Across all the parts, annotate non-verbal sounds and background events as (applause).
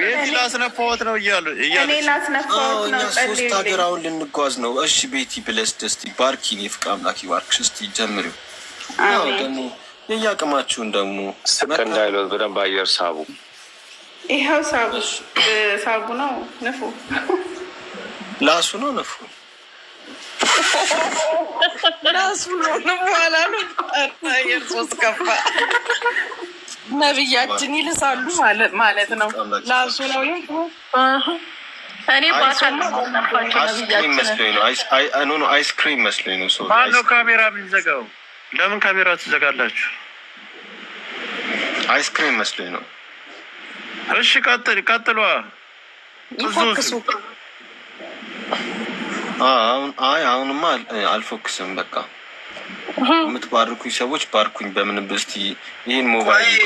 ቤቲ ላስነፋዎት ነው እያሉ ሶስት ሀገር አሁን ልንጓዝ ነው። እሺ ቤቲ ብለስ ደስቲ ባርኪ የፍቅር አምላክ ይባርክሽ። እስቲ ጀምሪው ደግሞ የያቅማችሁን ደግሞ ስቅ እንዳይሎት በደንብ አየር ሳቡ። ይኸው ሳቡ ሳቡ ነው ንፉ ላሱ ነው ንፉ ላሱ ነው ንፉ አላሉ አየር ሶስት ከፋ ነብያችን ይልሳሉ ማለት ነው። ለአሱናዊም እኔ ነው። አይስክሪም መስሎኝ ነው። ማነው ካሜራ የሚዘጋው? ለምን ካሜራ ትዘጋላችሁ? አይስክሪም መስሎኝ ነው። እሺ ቀጥል፣ ቀጥሏ አሁን አይ አሁንማ አልፎክስም በቃ የምትባርኩኝ ሰዎች ባርኩኝ። በምን ብስቲ ይህን ሞባይል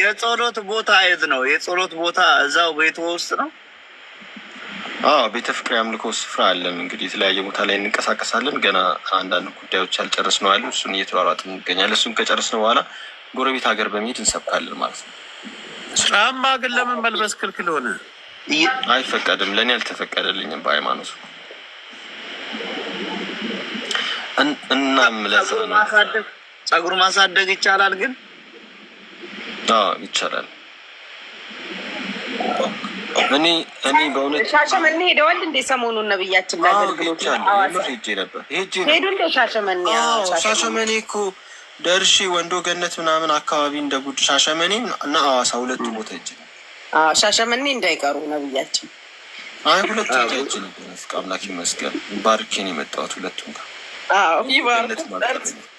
የጸሎት ቦታ የት ነው? የጸሎት ቦታ እዛው ቤት ውስጥ ነው። ቤተ ፍቅር የአምልኮ ስፍራ አለን። እንግዲህ የተለያየ ቦታ ላይ እንንቀሳቀሳለን። ገና አንዳንድ ጉዳዮች ነው ያሉ እሱን እየተሯሯጥ እንገኛለን። እሱን ነው በኋላ ጎረቤት ሀገር በመሄድ እንሰብካለን ማለት ነው። ጫማ ግን ለምን መልበስ ክልክል ሆነ? አይፈቀድም። ለእኔ አልተፈቀደልኝም በሃይማኖቱ እናም ለዛ ነው ጸጉር ማሳደግ ይቻላል። ግን አዎ ይቻላል። እኔ እኔ በእውነት ሻሸመኔ ሄደዋል እንዴ? ሰሞኑን ነብያችን ላይ አገልግሎት ሄዱ እንደ ሻሸመኔ? ሻሸመኔ እኮ ደርሼ ወንዶ ገነት ምናምን አካባቢ እንደ ጉድ ሻሸመኔ እና አዋሳ ሁለቱ ቦታ ሄጄ ነበር። ሻሸመኔ እንዳይቀሩ ነብያችን። አይ ሁለቱ ሄጄ ነበር። አምላክ ይመስገን ባርኬን የመጣሁት ሁለቱም ጋር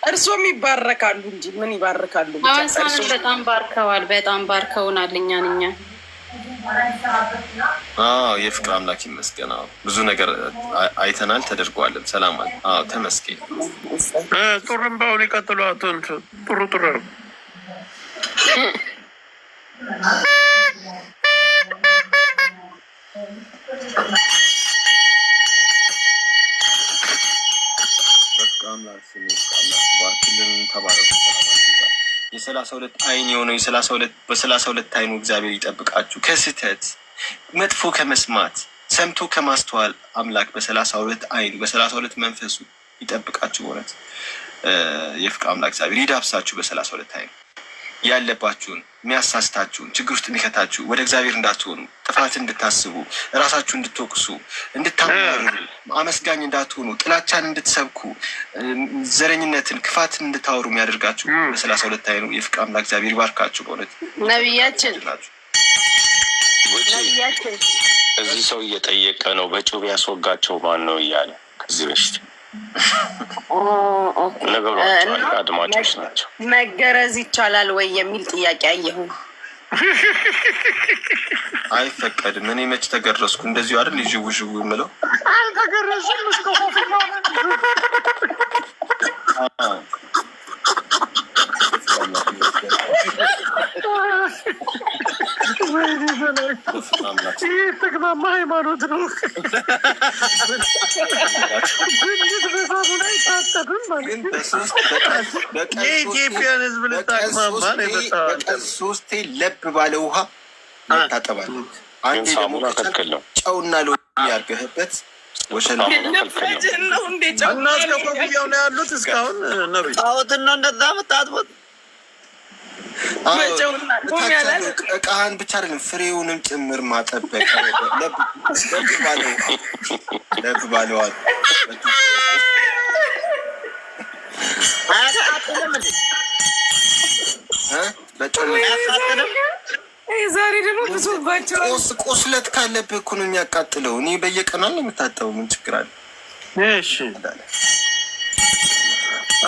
እርሶም ይባረካሉ እንጂ ምን ይባርካሉ? ሐዋሳን በጣም ባርከዋል። በጣም ባርከውናል። እኛን እኛ የፍቅር አምላክ ይመስገን። ብዙ ነገር አይተናል፣ ተደርጓልም። ሰላም አለ። ተመስገን። በአሁን ይቀጥሉ። አቶ ጥሩ ጥሩ (laughs) አምላክ ስም ባርክልን። ተባረኩ። የሰላሳ ሁለት አይን የሆነው የሰላሳ ሁለት በሰላሳ ሁለት አይኑ እግዚአብሔር ይጠብቃችሁ ከስህተት መጥፎ ከመስማት ሰምቶ ከማስተዋል አምላክ በሰላሳ ሁለት አይኑ በሰላሳ ሁለት መንፈሱ ይጠብቃችሁ። በእውነት የፍቅር አምላክ እግዚአብሔር ይዳብሳችሁ በሰላሳ ሁለት አይኑ ያለባችሁን የሚያሳስታችሁን ችግር ውስጥ የሚከታችሁ ወደ እግዚአብሔር እንዳትሆኑ ጥፋት እንድታስቡ እራሳችሁ እንድትወቅሱ እንድታማሩ አመስጋኝ እንዳትሆኑ ጥላቻን እንድትሰብኩ ዘረኝነትን፣ ክፋትን እንድታወሩ የሚያደርጋችሁ በሰላሳ ሁለት አይኑ የፍቅር አምላክ እግዚአብሔር ይባርካችሁ። በእውነት ነቢያችን እዚህ ሰው እየጠየቀ ነው፣ በጩቤ ያስወጋቸው ማን ነው እያለ ከዚህ በፊት አድማጮች ናቸው። መገረዝ ይቻላል ወይ የሚል ጥያቄ አየሁ። አይፈቀድም። እኔ መች ተገረዝኩ? እንደዚሁ አይደል? ይዥው ዥው የምለው አልተገረዝም። ይህ ተግማማ ሃይማኖት ነው። ግንት በሳቡ ላይ ታጠብም የኢትዮጵያን ልታቅማማ ሶስቴ ለብ ባለ ውሃ ታጠባለህ። አንዴ ደግሞ ጨውና ሎ ያርገህበት ነው ያሉት እስካሁን ጣዖትን ነው እንደዛ ምታጥቦት እቃህን ብቻ አይደለም ፍሬውንም ጭምር ማጠበቅ ለብ ባለዋል ዛሬ ደግሞ ብዙባቸው ቁስለት ካለብህ እኮ ነው የሚያቃጥለው። እኔ በየቀኑ ነው የምታጠበው። ምን ችግር አለ? እሺ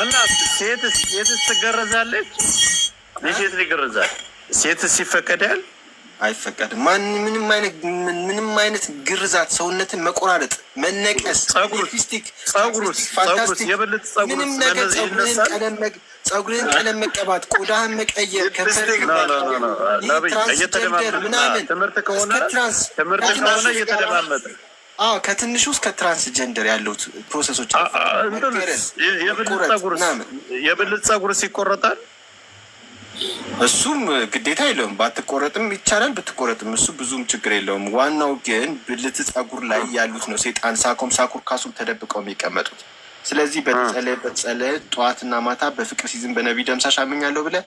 እና ሴት ሴትስ ትገረዛለች የሴት ልጅ ግርዛት ሴትስ ይፈቀዳል? አይፈቀድም። ማን ምንም አይነት ምንም አይነት ግርዛት፣ ሰውነትን መቆራረጥ፣ መነቀስ፣ ጸጉርስቲክ ጸጉርስ የበለጠ ምንም ነገር ጸጉርን ቀለም መቀባት፣ ቆዳህን መቀየር፣ ከንፈር ትራንስጀንደር ምናምን ትምህርት ከሆነ ትምህርት ከሆነ እየተደማመጠ አዎ ከትንሹ እስከ ትራንስጀንደር ያሉት ፕሮሰሶች የብልት ጸጉርስ ሲቆረጣል እሱም ግዴታ የለውም። ባትቆረጥም ይቻላል፣ ብትቆረጥም እሱ ብዙም ችግር የለውም። ዋናው ግን ብልት ጸጉር ላይ ያሉት ነው። ሴጣን ሳኮም ሳኩር ካሱም ተደብቀው የሚቀመጡት። ስለዚህ በተጸለየ በተጸለየ ጠዋትና ማታ በፍቅር ሲዝን በነቢይ ደምሳሽ አምኛለሁ ብለህ